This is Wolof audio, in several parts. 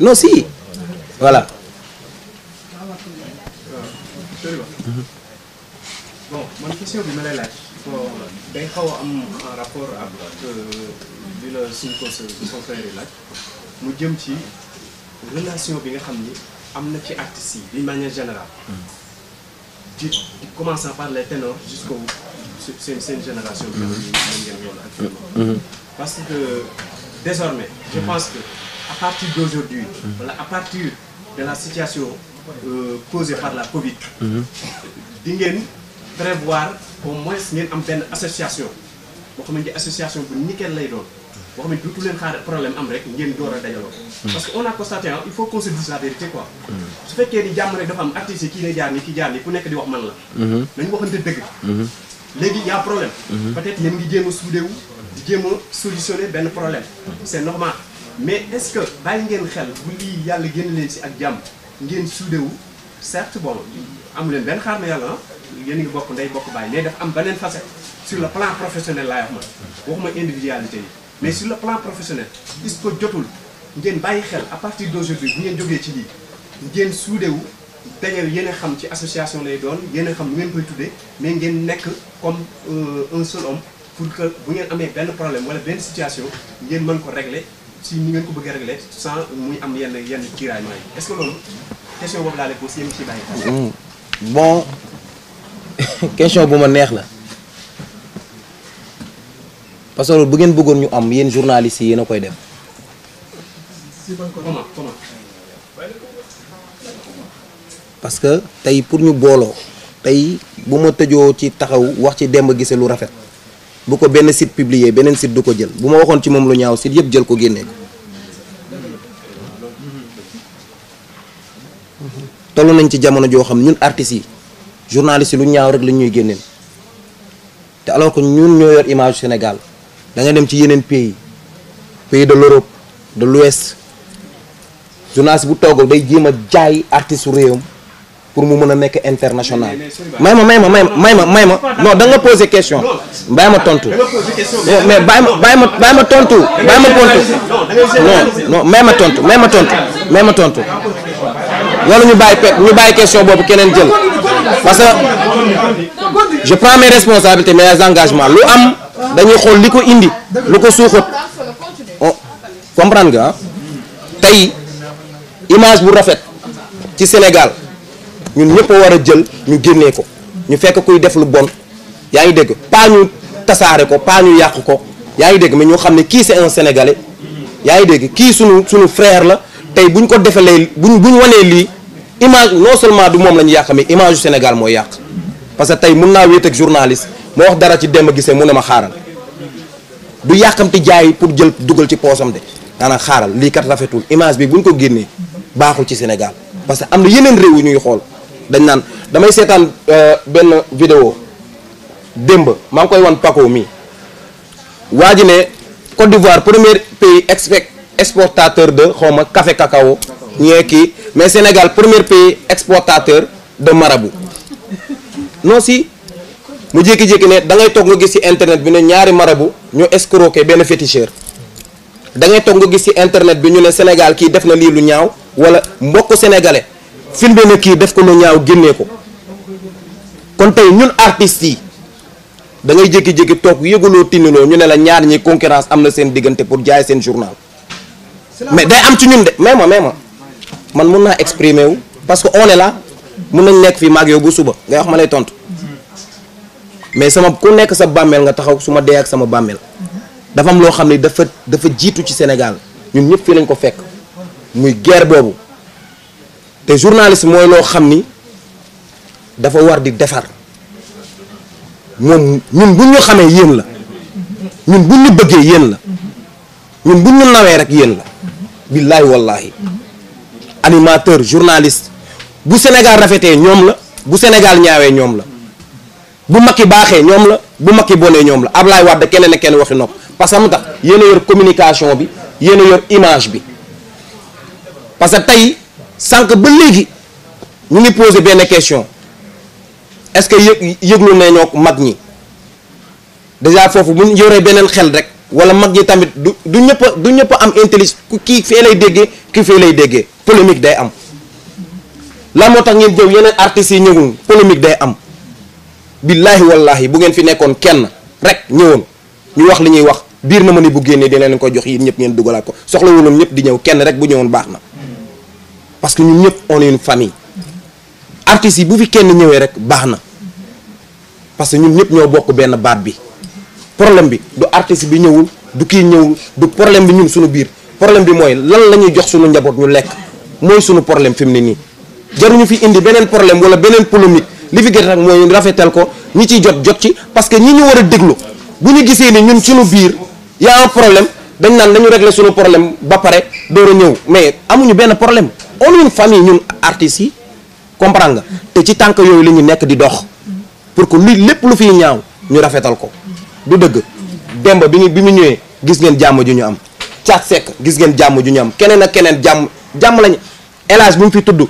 non si voilà. bon man question bi ma lay laaj day xaw am en rapport ak bi la suñ ko sa laaj mu jëm ci relation bi nga xam ni am na ci artistes si d'une manière générale. di commençant par les ténors jusqu'au seen seen génération. bi nga xam ni moom ngeen woon actuellement. parce que désormais je mm-hmm. pense que. à partir d'aujourd'hui wala à partir de la situation euh, causée par la Covid mhm. di ngeen prévoir au moins ngeen am benn association boo xamante ni association bu nickel lay doon boo xamante duutu leen xaar problème am rek ngeen door a dajaloo mhm. parce que on a constaté il faut qu'on se dise la vérité quoi mhm. su fekkee ni jàmm rek dafa am artistes yi kii ne jaar nii kii jaar nii ku nekk di wax man la nañu waxante dëgg léegi y a problème peut-être ngi jéem a soudé wu di jéem benn problème c'est normal mais est-ce que bàyyi ngeen xel bu lii yàlla génn leen si ak jàmm ngeen suude wu certes bon am leen benn xaar na yàlla yéen ngi bokk ndey bokk bàyyi mais dafa am beneen facette sur le plan professionnel laay wax ma waxuma individualité yi mais sur le plan professionnel is ko jotul ngeen bàyyi xel à partir d'aujourd'hui bu ngeen jógee ci lii ngeen suude wu dañu yéen xam ci association lay doon yéen a xam nu ngeen koy tuddee mais ngeen nekk comme euh, un seul homme pour que bu ngeen amee benn problème wala benn situation ngeen mën ko régler si ni ngeen ko bëggee réglé sans muy am yenn yenn tiraillement yi est-ce que hmm. bon question bu ma neex la parce que loolu bu ngeen bëggoon ñu am yéen journalistes yi yéen a koy dem parce que tey pour ñu booloo tey bu ma tëjoo ci taxaw wax ci Demba gisee lu rafet. bu ko benn site publier beneen site du ko jël bu ma waxoon ci moom lu ñaaw site yëpp jël ko génnee ko toll nañ ci jamono joo xam ñun artistes yi journalistes yi lu ñaaw rek la ñuy génneel te alors que ñun ñoo yor image Sénégal da nga dem ci yeneen pays pays de l'Europe de l'Ouest journaliste bu toogal day jéem a jaay artiste su réewam pour mu mën a nekk international may ma may ma may ma may ma may ma non da nga posé question bàyyi ma tontu mais bàyyi ma bàyyi ma bàyyi ma tontu bàyyi ma tontu non non may ma tontu may ma tontu may ma tontu loolu ñu bàyyi ñu bàyyi question boobu keneen jël parce que je prends mes responsabilités mes engagements lu am dañuy xool li ko indi lu ko suuxat oh, comprendre nga tey image bu rafet ci Sénégal ñun ñëpp a war a jël ñu génnee ko ñu fekk kuy def lu bon yaa ngi dégg pas ñu tasaare ko pas ñu yàq ko yaa ngi dégg mais ñu xam ne kii c'est un sénégalais yaa ngi dégg kii sunu sunu frère la tey bu ñu ko defalee buñ bu ñu wanee lii image non seulement du moom la ñu yàq mais image Sénégal mooy yàq parce que tey mun naa wéet ak journaliste moo wax dara ci dem gisee mu ne ma xaaral du yàqamti jaay pour jël dugal ci poosam de maanaam xaaral lii kat rafetul image bi buñ ko génnee baaxul ci Sénégal parce que am na yeneen réew xool dañ naan damay seetaan euh, benn vidéo démb maa ngi koy wan Paco mii waa ji ne Côte d'Ivoire premier pays expec exportateur de xawma ma café ñee kii mais Sénégal premier pays exportateur de marabout non si mu jékki-jékki ne da ngay toog nga gis ci internet bi ne ñaari marabout ñu escroqué benn féticheur da ngay toog nga gis ci internet bi ñu ne Sénégal kii def na lii lu ñaaw wala mbokk sénégalais be na kii def ko lu ñaaw génnee ko kon tey ñun artistes yi da ngay jëkki jékki toog yëgaloo tiniloo ñu ne la ñaar ñi concurrence am na seen diggante pour jaay seen journal mais day am ci ñun de mais ma mais ma man mun naa exprimer wu parce que on est là mun nañ nekk fii maag yow bu suba ngay wax ma lay tontu mais sama ku nekk sa bàmmeel nga taxaw su ma dee ak sama bàmmeel dafa am loo xam ne dafa dafa jiitu ci Sénégal ñun ñëpp fii lañ ko fekk muy guerre boobu te journaliste mooy loo xam ni dafa war di defar moom ñun bu ñu xamee yéen la ñun bu ñu bëggee yéen la ñun bu ñu nawee rek yéen la billaahi wallaahi animateur journaliste bu Sénégal rafetee ñoom la bu Sénégal ñaawee ñoom la bu Macky baaxee ñoom la bu Macky bonee ñoom la Ablaye Wade keneen ak kenn waxi nopp parce que am tax yéen a communication bi yéen a yor image bi parce tey sànq ba léegi ñu ngi posé benn question est-ce que yëg yëglu nañoo mag ñi déjà foofu bu ñu yoree beneen xel rek wala mag ñi tamit du du ñëpp du ñëpp am intelligence ku kii fee lay déggee kii fee lay déggee polémique day am la moo tax ngeen jëw yeneen artistes yi ñëwul polémique day am billaahi wallaahi bu ngeen fi nekkoon kenn rek ñëwoon ñu wax li ñuy wax biir na ma ni bu génnee dina leen ko jox yéen ñëpp ngeen dugalaat ko soxlawuloon ñëpp di ñëw kenn rek bu ñëwoon baax na. parce que ñun ñëpp on est une famille artistes yi bu fi kenn ñëwee rek baax na parce que ñun ñëpp ñoo bokk benn baat bi problème bi du artiste bi ñëwul du kii ñëwul du problème bi ñun suñu biir problème bi mooy lan la ñuy jox suñu njaboot ñu lekk mooy suñu problème fi mu ne nii jaruñu fi indi beneen problème wala beneen polémique li fi gën rek mooy rafetal ko ñi ciy jot jot ci parce que ñi ñu war a déglu bu ñu gisee ni ñun suñu biir y problème dañ naan dañu régler suñu problème ba pare door a ñëw mais amuñu benn problème on est une famille ñun artistes yi comprendre nga te ci tànk yooyu la ñu nekk di dox pour que lu lépp lu fiy ñaaw ñu rafetal ko du dëgg demba bi ñu bi mu ñëwee gis ngeen jàmm ju ñu am caat sekk gis ngeen jàmm ju ñu am keneen ak keneen jàmm jàmm lañ élage bu mu fi tudd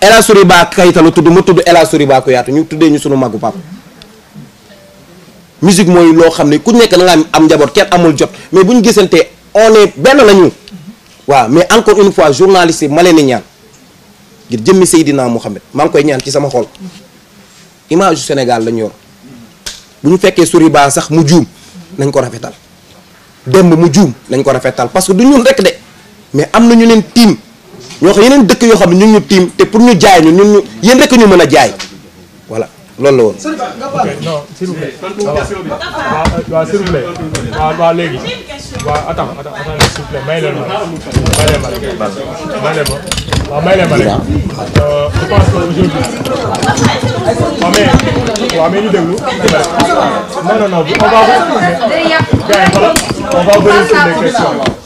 élage suri baa kayitalu tudd ma tudd élage suri baa ku yaatu ñu tuddee ñu sunu màggu papa musique mooy loo xam ne ku nekk da nga am njaboot kenn amul jot mais bu ñu gisantee on est benn lañu waaw mais encore une fois journaliste yi ma leen di ñaan ngir jëmmi Seydina Mouhamed maa ngi koy ñaan ci sama xol image Sénégal lañu yor bu ñu fekkee Soriba sax mu juum nañ ko rafetal demb mu juum nañ ko rafetal parce que du ñun rek de mais am na ñu leen tiim ñoo xam yeneen dëkk yoo xam ne ñu ñu tiim te pour ñu jaay ñu ñun ñu yéen rekk ñu mën a jaay voilà. loolu la woon. non s'il vous plaît. waaw s'il vous plaît. waaw waaw léegi. waaw attends attends s'il vous plaît may leen ma may leen ma may leen ma waaw may leen ma léegi. Euh, je pense que aujourd'hui. waaw mais waaw mais ñu déglu. non non non on va. gars yi voilà on va ouvrir sur les questions.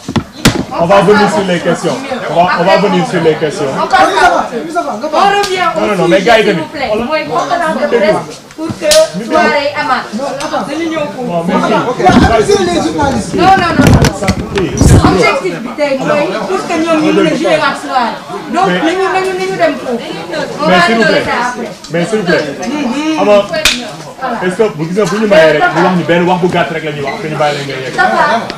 on va venir sur les questions on va on va venir sur les questions. on revient non non non mais gars yi tamit. mooy conférence de presse pour que soirée amaat. dañu ñëw pour. non non non. objectif bi tey mooy pour que ñoom ñu mën a jouer ak soirée. donc nañu nañu nañu dem foofu. on va mais s'il vous plaît mais s'il vous plaît. est bu gis bu ñu mayee rek bu wax ñu benn wax bu gàtt rek la wax que ñu bàyyi la ngay yegg.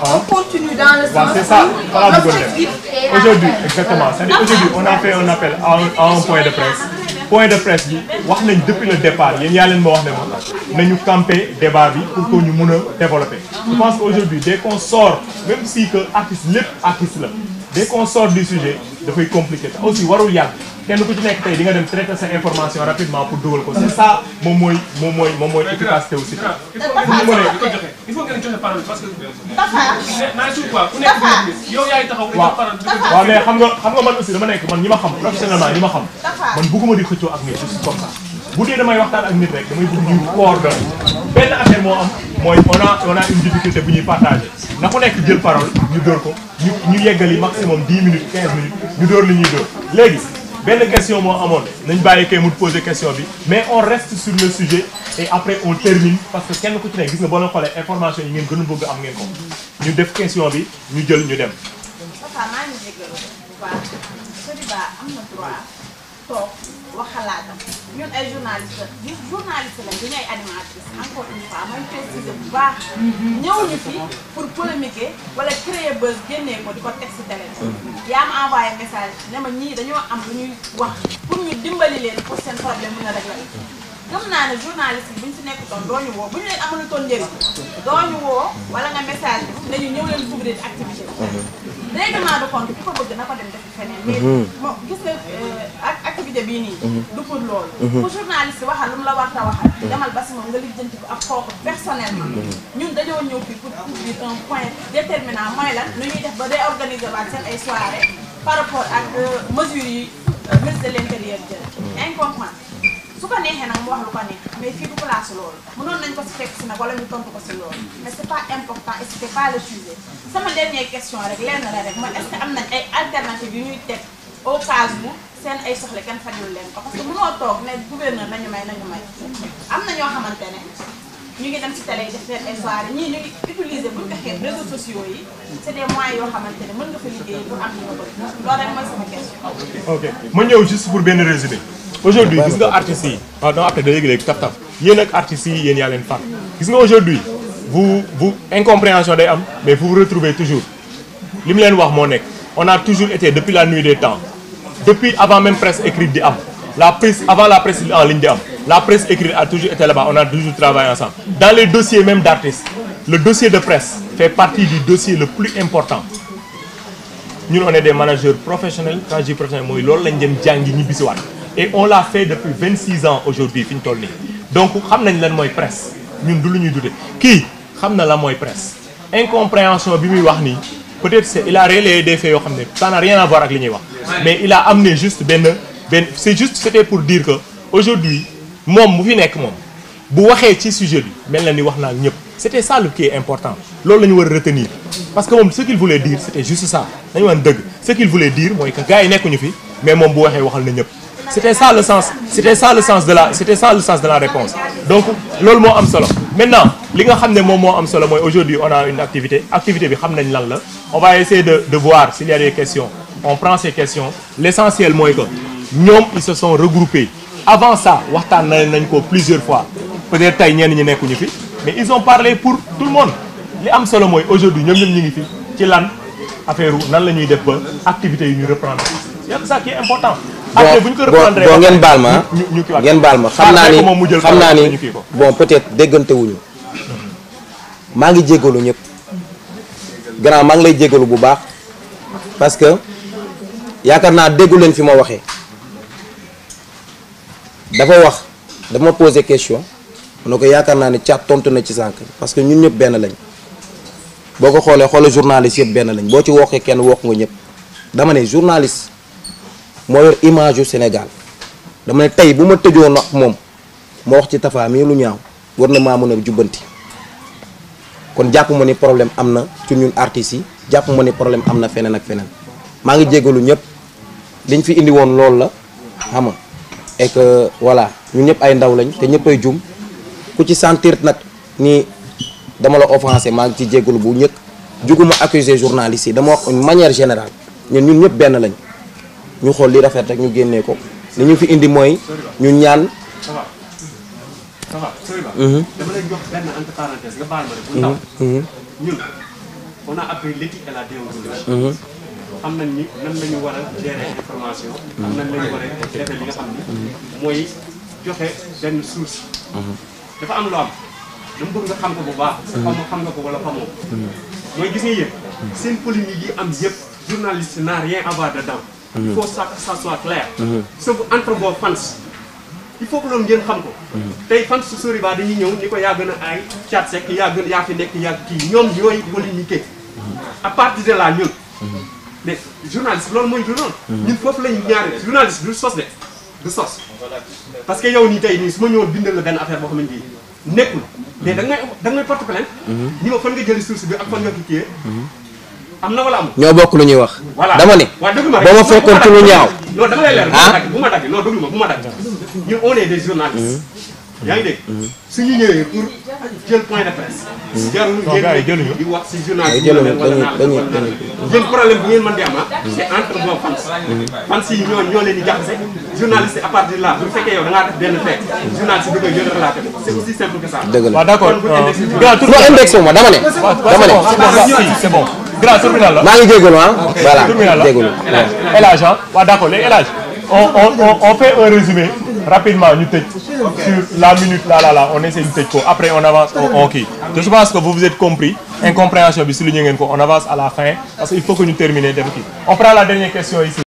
on continue dans le sens. waaw ça xanaa bëggoon def aujourd'hui exactement cest à aujourd'hui on a fait un appel à un point de presse. point de presse bi wax nañ depuis le départ yéen yaa leen ma wax ne ma nañu camper débat bi pour que ñu mun a développer. je pense que aujourd'hui dès qu'on sort même si que artiste lépp artiste la des qu'on sort du sujet dafay compliqué te aussi warul yàgg. kenn ku ci nekk tey di nga dem traiter sa information rapidement pour dugal ko c'est ça moom mooy moom mooy moom mooy efficacité aussi. il faut il faut ngeen joxe parole parce que. yow yaay taxaw waaw mais xam nga xam nga man aussi dama nekk man ñi ma xam professionnellement ñi ma xam. man bëgguma di xëccoo ak nit juste comme ça. bu dee damay waxtaan ak nit rek damay bëgg ñu coordonné benn affaire moo am mooy on a on a une difficulté bu ñuy partagé na ku nekk jël parole ñu dóor ko ñu ñu yeggali maximum 10 minutes 15 minutes ñu dóor li ñuy dóor léegi benn question moo amoon nañ bàyyi kay mu poser question bi mais on reste sur le sujet et après on termine parce que kenn ku ci ne gis nga boo leen xoolee information yi ngeen gën a bëgg am ngeen ko ñu def question bi ñu jël ñu dem. ñun ay journaliste la journaliste la ñu ay animatrice encore une fois may préciser bu baax. Mhm. ñëw ñu fi pour polémiquer wala créer buzz ko di ko teg si télé. yaa ma envoyé message ne ma ñii dañoo am lu ñuy wax pour ñu dimbali leen pour seen problème mën a réglé. gëm naa ne journaliste bi bu ñu si nekkutoon doo ñu woo bu ñu leen amalutoon njëriñ doo ñu woo wala nga message bi dañu ñëw activité bi. Mhm. na ko dem feneen. Mhm. mais moom gis nga euh, activité bii nii. Mhm. du pour loolu. Mhm. ku journaliste waxal lu la war a waxal. Mhm. demal ba si moom nga lijjanti ko ak kooku personnellement. ñuy def ba réorganiser waat seen ay soirée par rapport ak euh, mesures yi euh, ministre de l' intérieur jël. inconfront su ko neexee nag mu wax lu ko neex mais fii du place loolu mënoon nañ ko si fekk si nag ñu tontu ko si loolu mais c' pas important et c' pas le sujet sama dernière question rek lenn la rek mooy est am nañ ay alternatives yu ñuy teg. au cas où seen ay soxla kenn fajul leen parce que mënoo toog ne gouverneur nañu may nañu may am na ñoo xamante ñu ngi dem ci télé def seen ay soirée ñii ñu ngi utiliser buñ ko xeeb réseaux sociaux yi c'est des moyens yoo xamante ne nga fa liggéey pour am li nga bëgg loolu rek mooy sama question. ok ma ñëw juste pour benn résumé. aujourd'hui gis nga artistes yi waaw non après da léegi léegi taf taf yéen ak artistes yi yéen yaa leen fàq gis nga aujourd'hui vous vous incompréhension day am mais vous vous retrouvez toujours li leen wax moo nekk. on a toujours été depuis la nuit des temps depuis avant même presse écrite di am la presse avant la presse en ligne di am la presse écrite a toujours été là-bas on a toujours travaillé ensemble dans les dossiers même d'artistes le dossier de presse fait partie du dossier le plus important ñun on est des managers professionnels quand je dis professionnel mooy loolu lañ dem jàngi ñi et on l'a fait depuis ans aujourd'hui fi ñu toll nii donc xam nañ lan peut-être c'est il a relayé des faits yoo xam ne ça n'a rien à voir ak li ñuy wax mais il a amené juste benn benn c'est juste c'était pour dire que aujourd'hui moom mu fi nekk moom bu waxee ci sujet bi mel na ni wax naa ñëpp c'était ça le qui est important loolu la ñu war a retenir parce que moom ce qu'il voulait dire c'était juste ça dañu wan dëgg ce qu'il voulait dire mooy que gars nekkuñu fi mais moom bu waxee waxal na ñëpp c'était ça le sens c'était ça le sens de la c'était ça le sens de la réponse donc loolu solo maintenant li nga xam ne moom moo am solo mooy aujourd'hui on a une activité activité bi xam nañ lan la on va essayer de de voir s'il y a des questions on prend ces questions l'essentiel mooy que ñoom ils se sont regroupés avant ça waxtaan nañ ko plusieurs fois peut-être tey ñenn ñi nekkuñu fi mais ils ont parlé pour tout le monde li am solo mooy aujourd'hui ñoom ñoom ñu ngi fi ci lan affaire nan la ñuy def ba activité yi ñu reprendre c'est ça qui après bu ko reprendre bon ngeen baal ma ngeen baal ma xam naa ni xam naa ni bon peut-être déggante wuñu maa ngi jégalu ñëpp grand maa ngi lay jégalu bu baax parce que yaakaar naa déggu leen fi ma waxee dafa wax dama posé question mu ne ko yaakaar naa ne caat tontu na ci sànq parce que ñun ñëpp benn lañ boo ko xoolee xoolee journaliste yëpp benn lañ boo ci wokkee kenn wokk nga ñëpp dama ne journaliste moo yor image yu Sénégal dama ne tey bu ma tëjoon ak moom ma wax ci Tapha mii lu ñaaw war na maa mën a jubbanti kon jàpp ma ni problème am na ci ñun artistes jàpp ma ni problème am na feneen ak feneen maa ngi jégalu ñëpp liñ fi indi woon loolu la xam nga et ñun ñëpp ay ndaw lañ te ñëppay jum ku ci sentir nag nii dama la offensé maa ngi ci jégalu bu ñëkk juguma accuser journaliste yi dama wax une général ñun ñun ñëpp benn lañ. ñu xool li rafet rek ñu génnee ko li fi indi mooy ñu ñaan. ça va sëriñ Ba. dama lay jox benn mhm. Mhm. a appris l'éthique et la déontologie. Mhm. xam nañ ni a gérer information. am nañ mooy joxe benn source. dafa am lu am dama bëgg nga xam ko bu baax. xaw ma xam nga ko wala xamoo. mooy gis nga seen polémique yi am yëpp journaliste n'a rien à voir dedans. il faut ça que ça soit clair. c'est mhm. entre vos fans. il faut que loolu ngeen xam ko. Mhm. tey fans su Soriba dañuy ñëw ni ko yaa gën a aay Thiat Seck yaa gën yaa fi nekk yaa kii ñoom ñooy wala ñu kii. à partir de là ñun. Mhm. mais journaliste loolu mooy du noonu. ñun foofu lañ ñaari journaliste du sos de du sos. parce que yow nii tey nii su ma ñëwoon bindal la benn affaire boo xamante ni nekkul. mais da nga may da nga may porte plainte. ñi ma fan nga jëli source bi ak fan nga ko kiiyee. am na wala amul ñoo bokk lu ñuy wax. dama ne. boo ma fekkoon ci lu ñaaw. non dama lay leer ah? bu ma dagg non déglu mm-hmm. yaa ngi dégg mm-hmm. suñu ñëwee pour jël point de presse. Mm-hmm. jarul ngeen si journaliste yi dañuy dañuy yéen problème bi ngeen mën di am ah. c'est entre vos fans. fans yi ñoo ñoo leen di jaxase. journaliste bi koy jël relaté ko. c'est aussi simple que dëgg la waaw d'accord kon bu grand terminal la maa ngi jégalu ah. voilà jégalu El Hadj ah waaw d' accord léegi El Hadj on on on fait un résumé rapidement ñu tëj sur la minute là là là on essaie ñu tëj ko après on avance on kii te je pense que vous vous êtes compris incompréhension bi souligné ngeen ko on avance à la fin parce que il faut que ñu terminer dem kii on prend la dernière question ici.